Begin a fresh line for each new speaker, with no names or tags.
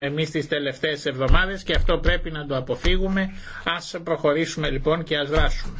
εμείς τις τελευταίες εβδομάδες και αυτό πρέπει να το αποφύγουμε. Ας προχωρήσουμε λοιπόν και ας δράσουμε.